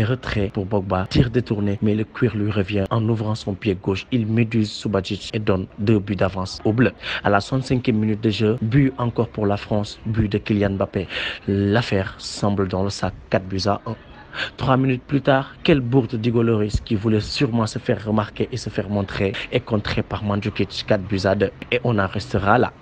et retrait pour Pogba. Tir détourné, mais le cuir lui revient en ouvrant son pied gauche. Il méduse Subacic et donne deux buts d'avance au bleu. À la 65e minute de jeu, but encore pour la France, but de Kylian Mbappé. L'affaire semble dans le sac 4 buts Trois minutes plus tard, quelle bourde d'Hugo Loris qui voulait sûrement se faire remarquer et se faire montrer est contré par Mandzukic 4 buts et on en restera là.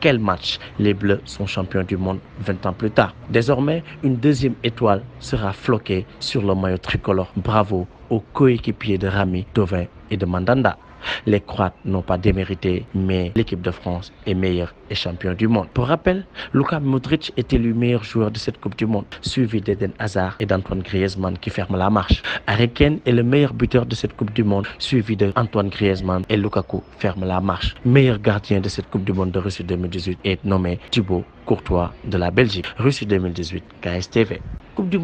Quel match Les Bleus son champions du monde 20 ans plus tard. Désormais, une deuxième étoile sera floquée sur le maillot tricolore. Bravo aux coéquipiers de Rami, Dovin et de Mandanda. Les Croates n'ont pas démérité, mais l'équipe de France est meilleure et champion du monde. Pour rappel, Luka Modric est élu meilleur joueur de cette Coupe du Monde, suivi d'Eden Hazard et d'Antoine Griezmann qui ferment la marche. Harry Kane est le meilleur buteur de cette Coupe du Monde, suivi d'Antoine Griezmann et Lukaku ferme la marche. Meilleur gardien de cette Coupe du Monde de Russie 2018 nommé Thibaut Courtois de la Belgique. Russie 2018, KSTV. Coupe du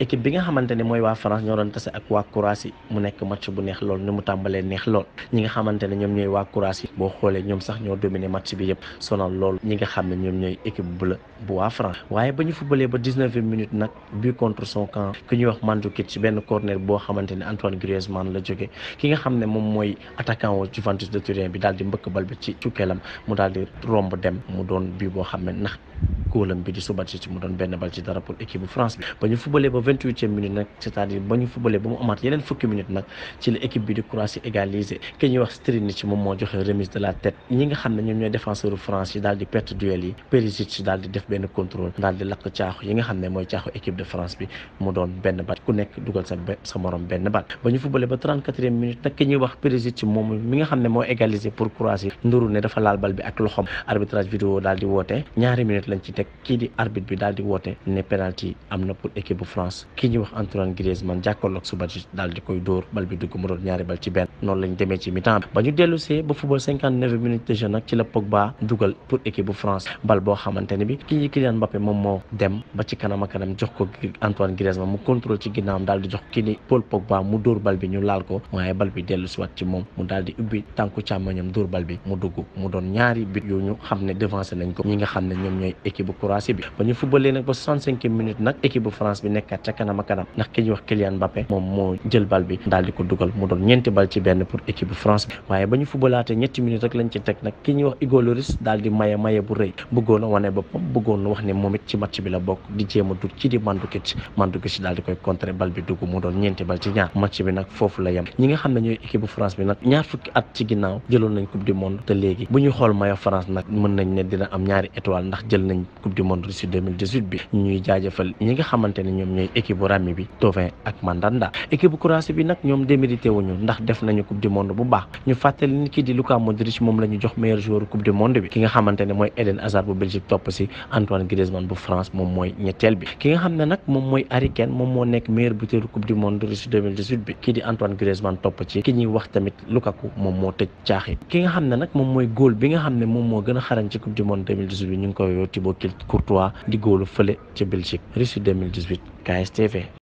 équipe bi nga xamante ne mooy waa France ñoo doon tase ak waa Croatie mu nekk match bu neex lool ni mu tàmbalee neex lool ñi nga xamante ñoom ñooy waa Croatie boo xoolee ñoom sax ñoo dominé match bi yëpp sonal lool ñi nga xam ne ñoom ñooy équipe bleue bu waa France waaye ba ñu fubalee ba dix-neuvième minute nag but contre boo xamante ne Antoine Griezmann la jóge ki ne moom mooy attaquant wu Juventus de Turin bi daal di mbëkk bal bi ci cukkeelam mu daal di romb dem mu doon but boo xam ne ndax góolam bi di subat ci mu doon benn bal ci dara pour équipe bu France bi ba mu amaat yeneen fukki minute nag ci la équipe bi di Croatie égaliser ki ñuy wax Strinić ci moom moo joxe remise de la tête ñi nga xam ne ñooy défenseur France bi mu doon benn bat ku nekk dugal sa sa morom benn bat ba ñu fubalee ba trente quatrième minute nag ki ñuy wax Perisic ci moom mi nga xam ne moo égaliser pour Croatie nduru ne dafa laal bal bi ak loxom arbitrage vidéo daal di woote ñaari minute lañ ci teg kii di arbitre bi daal di woote France kii ñuy wax Antoine Griezmann jàkkaarloog Subasic daal di di jox di ubbi dóor bal bi mu mu doon ñaari but yu ñu xam ne devancé nañ ko ñi nga xam ne ñoom ñooy équipe bu bi ba ñu footballee nag ba soixante nag équipe bu France bi nekk yaakaar kanam a kanam ndax ki ñuy wax Kylian Mbappé moom moo jël bal bi daal di ko dugal mu doon ñeenti bal ci benn pour équipe bu France bi waaye ba ñu fubalaatee ñetti minutes rek lañ ci teg nag ki ñuy wax Hugo Lloris daal di maye maye bu rëy bëggoon wane boppam bëggoon wax ne moom it ci match bi la bokk di jéem a ci di Mandzukic Mandzukic daal di koy contrer bal bi dugg mu doon ñeenti bal ci ñaar match bi nag foofu la yem ñi nga xam ne ñooy équipe ni équipe bu bi Tovin ñoom démérité ndax def nañu coupe du monde bu baax ñu fàttali ni kii di Luka Modric moom la jox meilleur joueur coupe du monde bi ki nga xam ne nag moom mooy Harry moom moo nekk meilleur buteur coupe du monde Russie bi kii di Antoine Griezmann topp ci ki ñuy wax tamit Lukaku moom moo tëj caaxi ki nga xam ne nag moom mooy góol bi nga xam ne moom moo gën a xarañ ci coupe du monde ñu ngi koy Thibaut Courtois di góolu fële KSTV